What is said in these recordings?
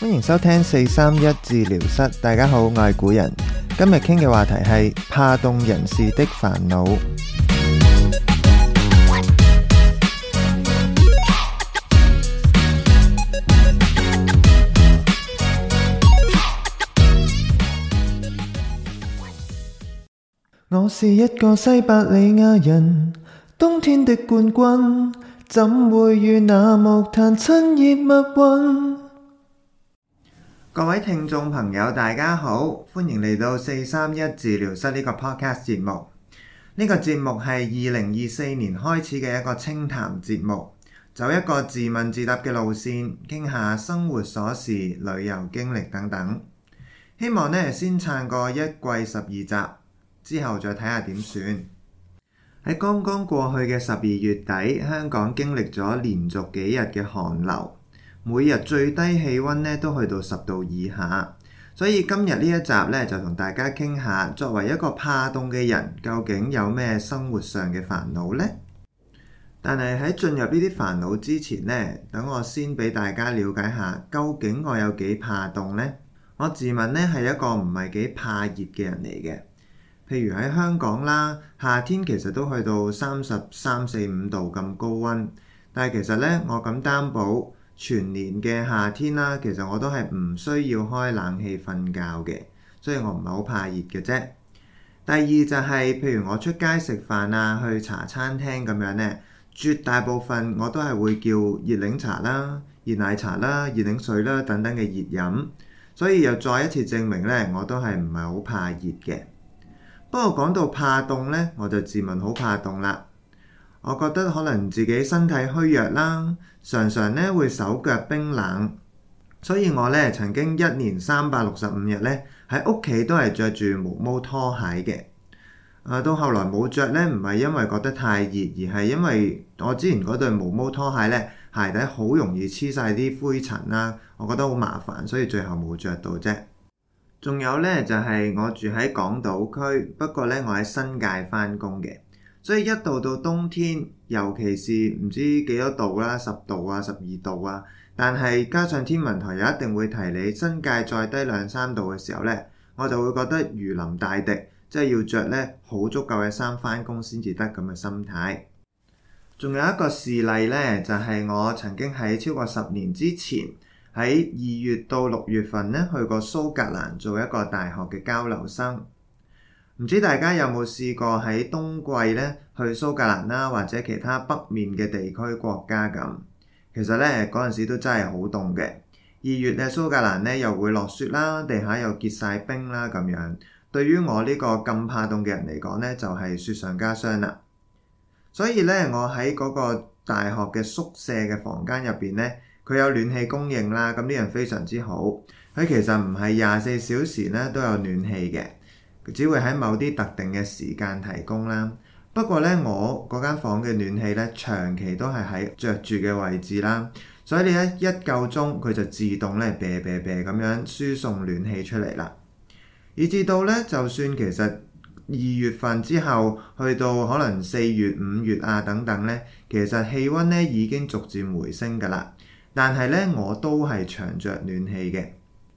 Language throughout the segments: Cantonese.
歡迎收聽四三一治療室，大家好，我係古人。今日傾嘅話題係怕凍人士的煩惱。我是一個西伯利亞人，冬天的冠軍。怎會與那木炭親熱密混？各位聽眾朋友，大家好，歡迎嚟到四三一治療室呢個 podcast 節目。呢、呢個節目係二零二四年開始嘅一個清談節目，走一個自問自答嘅路線，傾下生活瑣事、旅遊經歷等等。希望呢先撐過一季十二集，之後再睇下點算。喺剛剛過去嘅十二月底，香港經歷咗連續幾日嘅寒流，每日最低氣温呢都去到十度以下。所以今日呢一集呢，就同大家傾下，作為一個怕凍嘅人，究竟有咩生活上嘅煩惱呢？但係喺進入呢啲煩惱之前呢，等我先俾大家了解下，究竟我有幾怕凍呢？我自問呢，係一個唔係幾怕熱嘅人嚟嘅。譬如喺香港啦，夏天其實都去到三十三四五度咁高温，但係其實呢，我敢擔保全年嘅夏天啦、啊，其實我都係唔需要開冷氣瞓覺嘅，所以我唔係好怕熱嘅啫。第二就係、是、譬如我出街食飯啊，去茶餐廳咁樣呢，絕大部分我都係會叫熱檸茶啦、熱奶茶啦、熱檸水啦等等嘅熱飲，所以又再一次證明呢，我都係唔係好怕熱嘅。不過講到怕凍呢，我就自問好怕凍啦。我覺得可能自己身體虛弱啦，常常呢會手腳冰冷，所以我呢，曾經一年三百六十五日呢，喺屋企都係着住毛毛拖鞋嘅。啊，到後來冇着呢，唔係因為覺得太熱，而係因為我之前嗰對毛毛拖鞋呢，鞋底好容易黐晒啲灰塵啦，我覺得好麻煩，所以最後冇着到啫。仲有呢，就係我住喺港島區，不過呢，我喺新界返工嘅，所以一到到冬天，尤其是唔知幾多度啦，十度啊、十二度啊，但係加上天文台又一定會提你新界再低兩三度嘅時候呢，我就會覺得如臨大敵，即係要着呢好足夠嘅衫返工先至得咁嘅心態。仲有一個事例呢，就係我曾經喺超過十年之前。喺二月到六月份呢，去過蘇格蘭做一個大學嘅交流生。唔知大家有冇試過喺冬季呢去蘇格蘭啦，或者其他北面嘅地區國家咁？其實呢，嗰陣時都真係好凍嘅。二月呢，蘇格蘭呢又會落雪啦，地下又結晒冰啦咁樣。對於我呢個咁怕凍嘅人嚟講呢，就係雪上加霜啦。所以呢，我喺嗰個大學嘅宿舍嘅房間入邊呢。佢有暖氣供應啦，咁呢樣非常之好。佢其實唔係廿四小時呢都有暖氣嘅，只會喺某啲特定嘅時間提供啦。不過呢，我嗰間房嘅暖氣呢長期都係喺着住嘅位置啦，所以你喺一夠鐘佢就自動呢，啤啤啤咁樣輸送暖氣出嚟啦。以至到呢，就算其實二月份之後去到可能四月、五月啊等等呢，其實氣温呢已經逐漸回升㗎啦。但係咧，我都係長着暖氣嘅，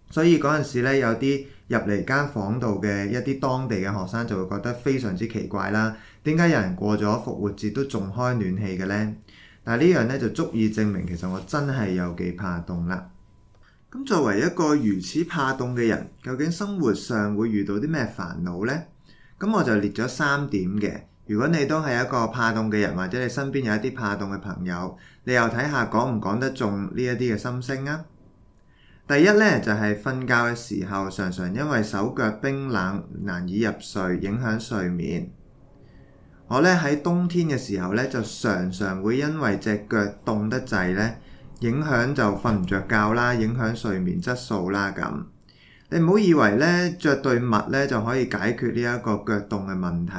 所以嗰陣時咧，有啲入嚟間房度嘅一啲當地嘅學生就會覺得非常之奇怪啦。點解有人過咗復活節都仲開暖氣嘅呢？但係呢樣咧就足以證明其實我真係有幾怕凍啦。咁作為一個如此怕凍嘅人，究竟生活上會遇到啲咩煩惱呢？咁我就列咗三點嘅。如果你都係一個怕凍嘅人，或者你身邊有一啲怕凍嘅朋友。你又睇下講唔講得中呢一啲嘅心聲啊？第一呢，就係瞓覺嘅時候，常常因為手腳冰冷難以入睡，影響睡眠。我呢喺冬天嘅時候呢，就常常會因為隻腳凍得滯呢，影響就瞓唔着覺啦，影響睡眠質素啦咁。你唔好以為呢着對襪呢就可以解決呢一個腳凍嘅問題。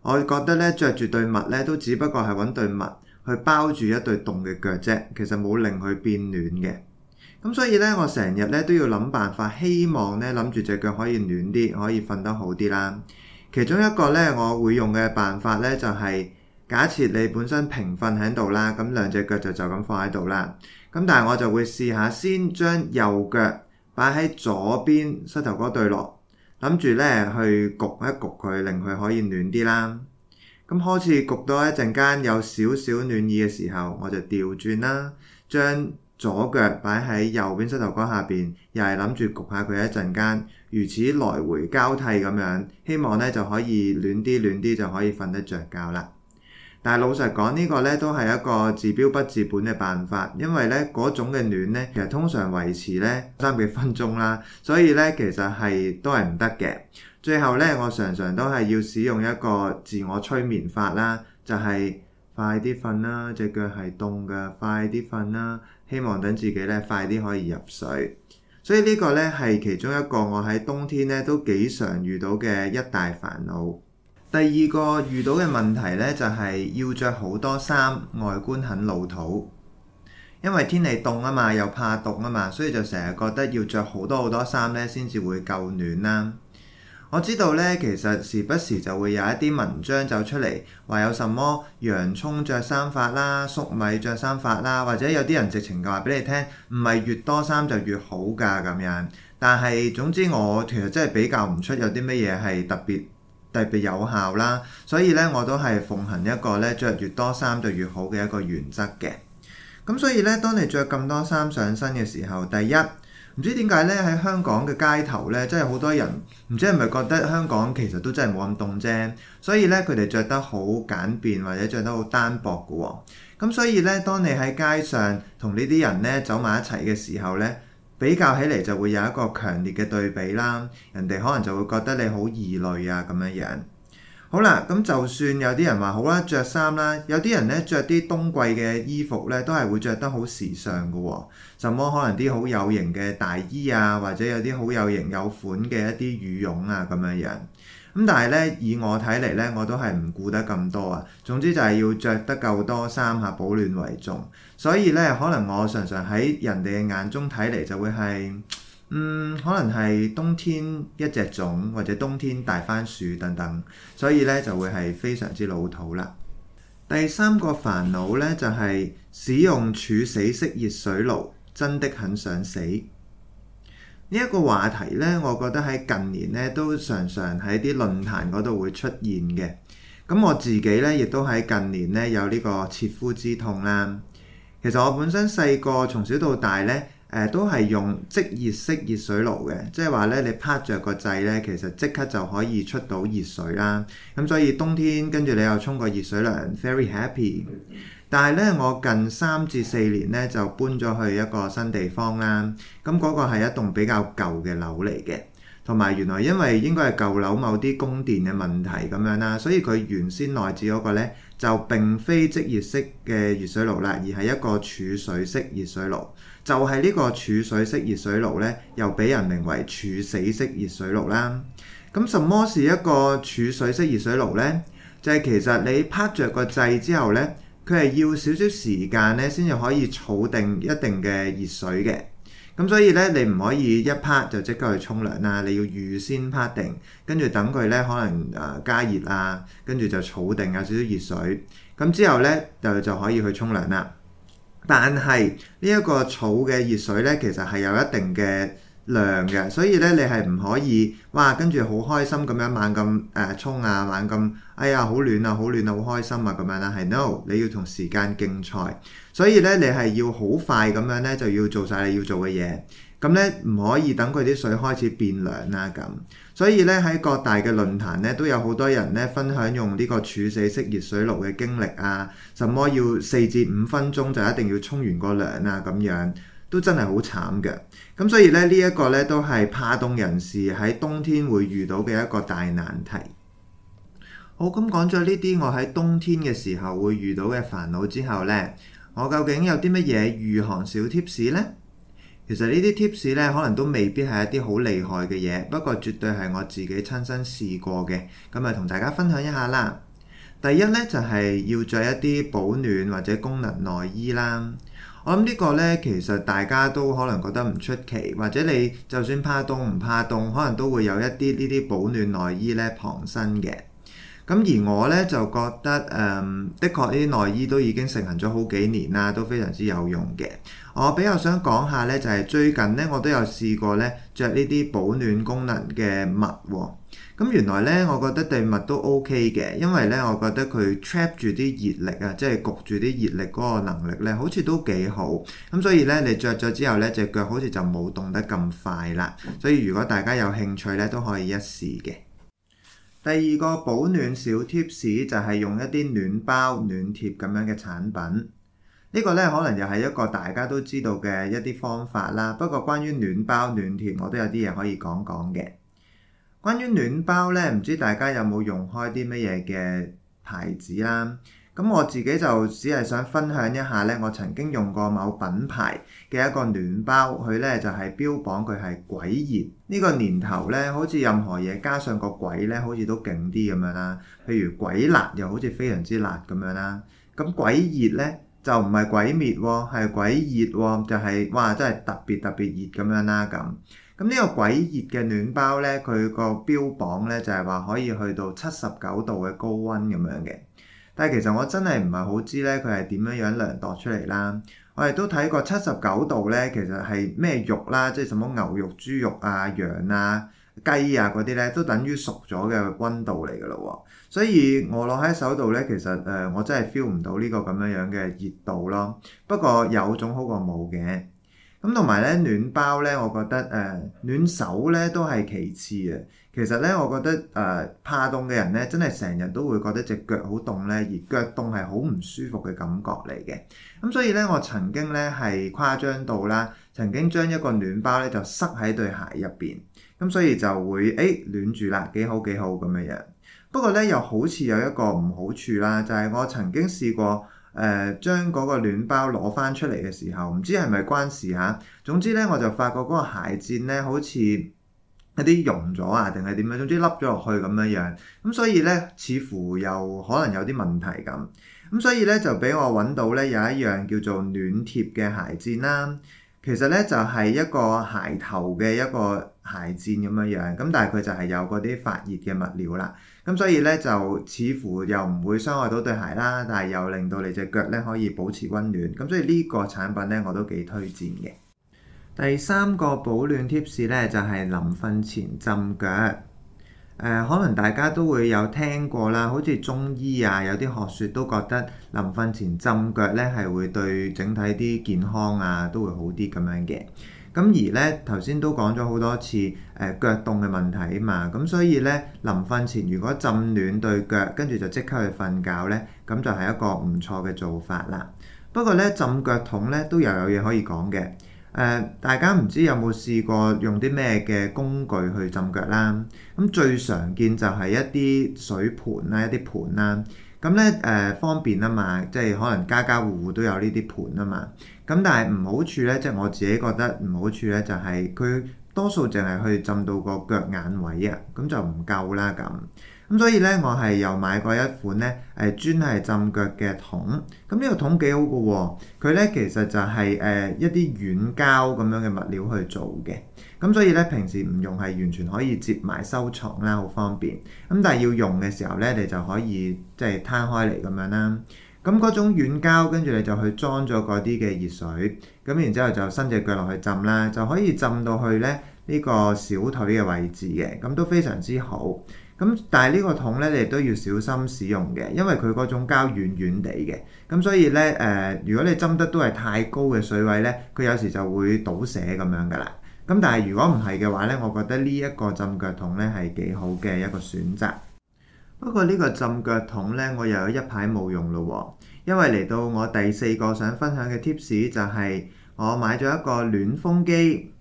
我覺得呢着住對襪呢，都只不過係揾對襪，去包住一對凍嘅腳啫，其實冇令佢變暖嘅。咁所以呢，我成日呢都要諗辦法，希望呢諗住隻腳可以暖啲，可以瞓得好啲啦。其中一個呢，我會用嘅辦法呢，就係假設你本身平瞓喺度啦，咁兩隻腳就就咁放喺度啦。咁但係我就會試下先將右腳擺喺左邊膝頭哥對落，諗住呢去焗一焗佢，令佢可以暖啲啦。咁開始焗到一陣間，有少少暖意嘅時候，我就調轉啦，將左腳擺喺右邊膝頭哥下邊，又係諗住焗下佢一陣間，如此來回交替咁樣，希望咧就可以暖啲暖啲，就可以瞓得着覺啦。但係老實講，這個、呢個咧都係一個治標不治本嘅辦法，因為咧嗰種嘅暖咧，其實通常維持咧三幾分鐘啦，所以咧其實係都係唔得嘅。最後咧，我常常都係要使用一個自我催眠法啦，就係、是、快啲瞓啦，隻腳係凍嘅，快啲瞓啦，希望等自己咧快啲可以入睡。所以呢個咧係其中一個我喺冬天咧都幾常遇到嘅一大煩惱。第二個遇到嘅問題咧就係、是、要着好多衫，外觀很老土，因為天氣凍啊嘛，又怕凍啊嘛，所以就成日覺得要着好多好多衫咧先至會夠暖啦。我知道呢，其實時不時就會有一啲文章走出嚟，話有什麼洋葱着衫法啦、粟米着衫法啦，或者有啲人直情就話俾你聽，唔係越多衫就越好㗎咁樣。但係總之我其實真係比較唔出有啲乜嘢係特別特別有效啦。所以呢，我都係奉行一個呢着越多衫就越好嘅一個原則嘅。咁所以呢，當你着咁多衫上身嘅時候，第一。唔知點解咧喺香港嘅街頭咧，真係好多人唔知係咪覺得香港其實都真係冇咁凍啫，所以咧佢哋着得好簡便或者着得好單薄㗎喎、哦。咁所以咧，當你喺街上同呢啲人咧走埋一齊嘅時候咧，比較起嚟就會有一個強烈嘅對比啦。人哋可能就會覺得你好異類啊咁樣樣。好啦，咁就算有啲人話好啦，着衫啦，有啲人呢，着啲冬季嘅衣服呢，都係會着得好時尚㗎喎、喔，就冇可能啲好有型嘅大衣啊，或者有啲好有型有款嘅一啲羽絨啊咁樣樣。咁但係呢，以我睇嚟呢，我都係唔顧得咁多啊。總之就係要着得夠多衫嚇保暖為重。所以呢，可能我常常喺人哋嘅眼中睇嚟就會係。嗯，可能係冬天一隻粽，或者冬天大番薯等等，所以咧就會係非常之老土啦。第三個煩惱咧就係使用處死式熱水爐，真的很想死。呢一個話題咧，我覺得喺近年咧都常常喺啲論壇嗰度會出現嘅。咁我自己咧亦都喺近年咧有呢個切膚之痛啦。其實我本身細個從小到大咧。誒、呃、都係用即熱式熱水爐嘅，即係話咧你拍着個掣咧，其實即刻就可以出到熱水啦。咁所以冬天跟住你又沖個熱水涼，Very happy。但係咧，我近三至四年咧就搬咗去一個新地方啦。咁嗰個係一棟比較舊嘅樓嚟嘅。同埋原來因為應該係舊樓某啲供電嘅問題咁樣啦，所以佢原先內置嗰個呢就並非即熱式嘅熱水爐啦，而係一個儲水式熱水爐。就係呢個儲水式熱水爐呢，又俾人名為儲死式熱水爐啦。咁什麼是一個儲水式熱水爐呢？就係其實你拍着個掣之後呢，佢係要少少時間呢，先至可以儲定一定嘅熱水嘅。咁所以咧，你唔可以一拍就即刻去沖涼啦，你要預先拍定，跟住等佢咧可能誒加熱啊，跟住就儲定有少少熱水，咁之後咧就就可以去沖涼啦。但係呢一個儲嘅熱水咧，其實係有一定嘅量嘅，所以咧你係唔可以哇，跟住好開心咁樣猛咁誒沖啊，猛咁哎呀好暖啊，好暖啊，好開心啊咁樣啦。係 no，你要同時間競賽。所以咧，你係要好快咁樣咧，就要做晒你要做嘅嘢。咁咧，唔可以等佢啲水開始變涼啦。咁所以咧，喺各大嘅論壇咧，都有好多人咧分享用呢個儲水式熱水爐嘅經歷啊。什麼要四至五分鐘就一定要沖完個涼啊？咁樣都真係好慘嘅。咁所以咧呢一個咧都係怕凍人士喺冬天會遇到嘅一個大難題。好，咁講咗呢啲，我喺冬天嘅時候會遇到嘅煩惱之後呢。我究竟有啲乜嘢御寒小貼士呢？其實呢啲貼士咧，可能都未必係一啲好厲害嘅嘢，不過絕對係我自己親身試過嘅，咁啊同大家分享一下啦。第一咧就係要着一啲保暖或者功能內衣啦。我諗呢個咧，其實大家都可能覺得唔出奇，或者你就算怕凍唔怕凍，可能都會有一啲呢啲保暖內衣咧傍身嘅。咁而我呢就覺得誒，的確呢啲內衣都已經盛行咗好幾年啦，都非常之有用嘅。我比較想講下呢，就係最近呢，我都有試過呢著呢啲保暖功能嘅襪喎。咁原來呢，我覺得對襪都 OK 嘅，因為呢，我覺得佢 trap 住啲熱力啊，即係焗住啲熱力嗰個能力呢，好似都幾好。咁所以呢，你著咗之後呢，隻腳好似就冇凍得咁快啦。所以如果大家有興趣呢，都可以一試嘅。第二個保暖小貼士就係用一啲暖包、暖貼咁樣嘅產品。呢個呢，可能又係一個大家都知道嘅一啲方法啦。不過關於暖包、暖貼，我都有啲嘢可以講講嘅。關於暖包呢，唔知大家有冇用開啲乜嘢嘅牌子啦？咁我自己就只係想分享一下呢，我曾經用過某品牌嘅一個暖包，佢呢就係標榜佢係鬼熱。呢個年頭呢，好似任何嘢加上個鬼呢，好似都勁啲咁樣啦。譬如鬼辣，又好似非常之辣咁樣啦。咁鬼熱呢，就唔係鬼滅喎，係鬼熱喎，就係，哇真係特別特別熱咁樣啦咁。咁呢個鬼熱嘅暖包呢，佢個標榜呢，就係話可以去到七十九度嘅高温咁樣嘅。但係其實我真係唔係好知咧，佢係點樣樣量度出嚟啦？我哋都睇過七十九度咧，其實係咩肉啦，即係什麼牛肉、豬肉啊、羊啊、雞啊嗰啲咧，都等於熟咗嘅温度嚟㗎咯。所以我攞喺手度咧，其實誒、呃、我真係 feel 唔到呢個咁樣樣嘅熱度咯。不過有總好過冇嘅。咁同埋咧暖包咧，我覺得誒、呃、暖手咧都係其次啊。其實咧，我覺得誒、呃、怕凍嘅人咧，真係成日都會覺得隻腳好凍咧，而腳凍係好唔舒服嘅感覺嚟嘅。咁所以咧，我曾經咧係誇張到啦，曾經將一個暖包咧就塞喺對鞋入邊，咁、嗯、所以就會誒、欸、暖住啦，幾好幾好咁樣樣。不過咧又好似有一個唔好處啦，就係、是、我曾經試過。誒、呃、將嗰個暖包攞翻出嚟嘅時候，唔知是是係咪關事嚇。總之呢，我就發覺嗰個鞋墊呢好似一啲溶咗啊，定係點樣？總之凹咗落去咁樣樣。咁、嗯、所以呢，似乎又可能有啲問題咁。咁、嗯、所以呢，就俾我揾到呢有一樣叫做暖貼嘅鞋墊啦。其實呢，就係、是、一個鞋頭嘅一個鞋墊咁樣樣。咁、嗯、但係佢就係有嗰啲發熱嘅物料啦。咁所以咧就似乎又唔會傷害到對鞋啦，但係又令到你隻腳咧可以保持溫暖。咁所以呢個產品咧我都幾推薦嘅。第三個保暖 tips 咧就係臨瞓前浸腳。誒、呃，可能大家都會有聽過啦，好似中醫啊，有啲學説都覺得臨瞓前浸腳咧係會對整體啲健康啊都會好啲咁樣嘅。咁而咧，頭先都講咗好多次，誒腳凍嘅問題嘛，咁所以咧，臨瞓前如果浸暖對腳，跟住就即刻去瞓覺咧，咁就係一個唔錯嘅做法啦。不過咧，浸腳桶咧都又有嘢可以講嘅，誒、呃、大家唔知有冇試過用啲咩嘅工具去浸腳啦？咁最常見就係一啲水盆啦，一啲盆啦。咁咧誒方便啊嘛，即係可能家家戶戶都有呢啲盤啊嘛。咁但係唔好處咧，即係我自己覺得唔好處咧，就係佢多數淨係去浸到個腳眼位啊，咁就唔夠啦咁。咁所以咧，我係又買過一款咧，誒、呃、專係浸腳嘅桶。咁、嗯、呢、這個桶幾好噶、啊，佢咧其實就係、是、誒、呃、一啲軟膠咁樣嘅物料去做嘅。咁、嗯、所以咧，平時唔用係完全可以接埋收藏啦，好方便。咁、嗯、但係要用嘅時候咧，你就可以即係攤開嚟咁樣啦。咁、嗯、嗰種軟膠跟住你就去裝咗嗰啲嘅熱水，咁、嗯、然之後就伸隻腳落去浸啦，就可以浸到去咧呢、這個小腿嘅位置嘅，咁、嗯、都非常之好。咁但係呢個桶呢，你都要小心使用嘅，因為佢嗰種膠軟軟地嘅，咁所以呢，誒、呃，如果你浸得都係太高嘅水位呢，佢有時就會倒瀉咁樣噶啦。咁但係如果唔係嘅話呢，我覺得呢一個浸腳桶呢係幾好嘅一個選擇。 不過呢個浸腳桶呢，我又有一排冇用咯喎，因為嚟到我第四個想分享嘅 tips 就係、是、我買咗一個暖風機。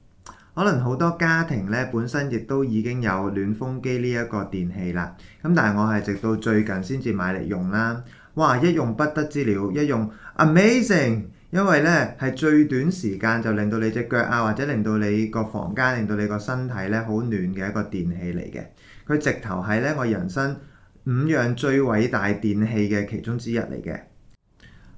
可能好多家庭咧本身亦都已經有暖風機呢一個電器啦，咁但係我係直到最近先至買嚟用啦，哇！一用不得之了，一用 amazing，因為呢係最短時間就令到你隻腳啊，或者令到你個房間、令到你個身體呢好暖嘅一個電器嚟嘅，佢直頭係呢我人生五樣最偉大電器嘅其中之一嚟嘅。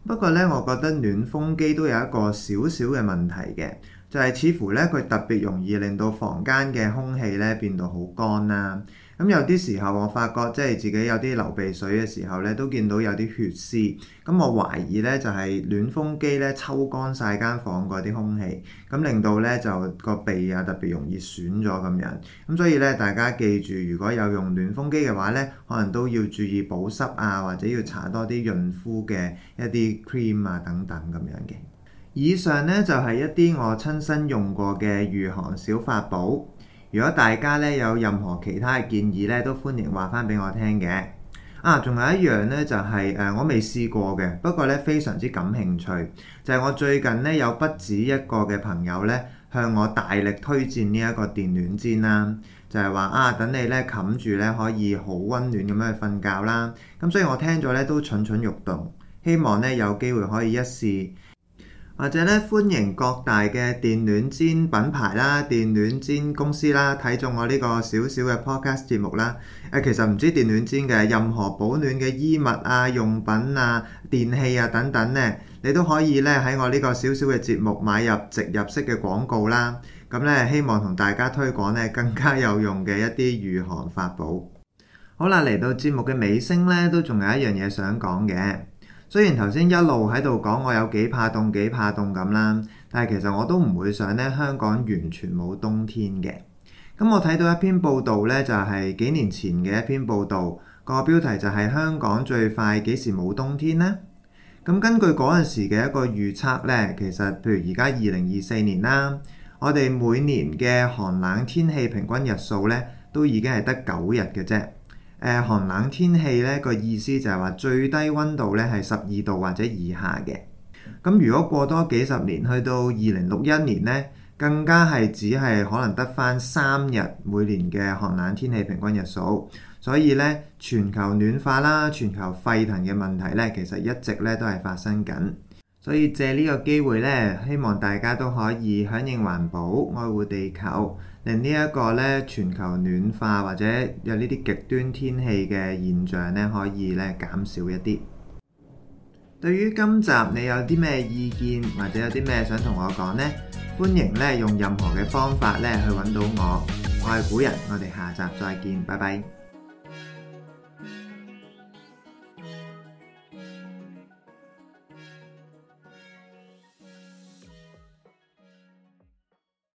不過呢，我覺得暖風機都有一個少少嘅問題嘅。就係似乎咧，佢特別容易令到房間嘅空氣咧變到好乾啦。咁有啲時候，我發覺即係自己有啲流鼻水嘅時候咧，都見到有啲血絲。咁我懷疑咧，就係暖風機咧抽乾晒間房嗰啲空氣，咁令到咧就個鼻啊特別容易損咗咁樣。咁所以咧，大家記住，如果有用暖風機嘅話咧，可能都要注意保濕啊，或者要搽多啲潤膚嘅一啲 cream 啊等等咁樣嘅。以上呢，就係一啲我親身用過嘅御寒小法寶。如果大家咧有任何其他嘅建議咧，都歡迎話翻俾我聽嘅。啊，仲有一樣咧就係誒、呃、我未試過嘅，不過咧非常之感興趣，就係我最近咧有不止一個嘅朋友咧向我大力推薦呢一個電暖氈啦，就係話啊，等你咧冚住咧可以好溫暖咁樣去瞓覺啦。咁所以我聽咗咧都蠢蠢欲動，希望咧有機會可以一試。或者咧，歡迎各大嘅電暖氈品牌啦、電暖氈公司啦，睇中我呢個小小嘅 podcast 節目啦。誒、呃，其實唔知電暖氈嘅任何保暖嘅衣物啊、用品啊、電器啊等等呢，你都可以咧喺我呢個小小嘅節目買入植入式嘅廣告啦。咁咧，希望同大家推廣咧更加有用嘅一啲御寒法寶。好啦，嚟到節目嘅尾聲咧，都仲有一樣嘢想講嘅。雖然頭先一路喺度講我有幾怕凍幾怕凍咁啦，但係其實我都唔會想咧香港完全冇冬天嘅。咁我睇到一篇報道咧，就係幾年前嘅一篇報道，個標題就係香港最快幾時冇冬天呢？咁根據嗰陣時嘅一個預測咧，其實譬如而家二零二四年啦，我哋每年嘅寒冷天氣平均日數咧，都已經係得九日嘅啫。誒，寒冷天氣咧，個意思就係話最低溫度咧係十二度或者以下嘅。咁如果過多幾十年去到二零六一年咧，更加係只係可能得翻三日每年嘅寒冷天氣平均日數，所以咧，全球暖化啦、全球沸騰嘅問題咧，其實一直咧都係發生緊。所以借呢個機會呢，希望大家都可以響應環保，愛護地球，令呢一個呢全球暖化或者有呢啲極端天氣嘅現象呢，可以呢減少一啲。對於今集你有啲咩意見，或者有啲咩想同我講呢？歡迎呢用任何嘅方法呢去揾到我。我係古人，我哋下集再見，拜拜。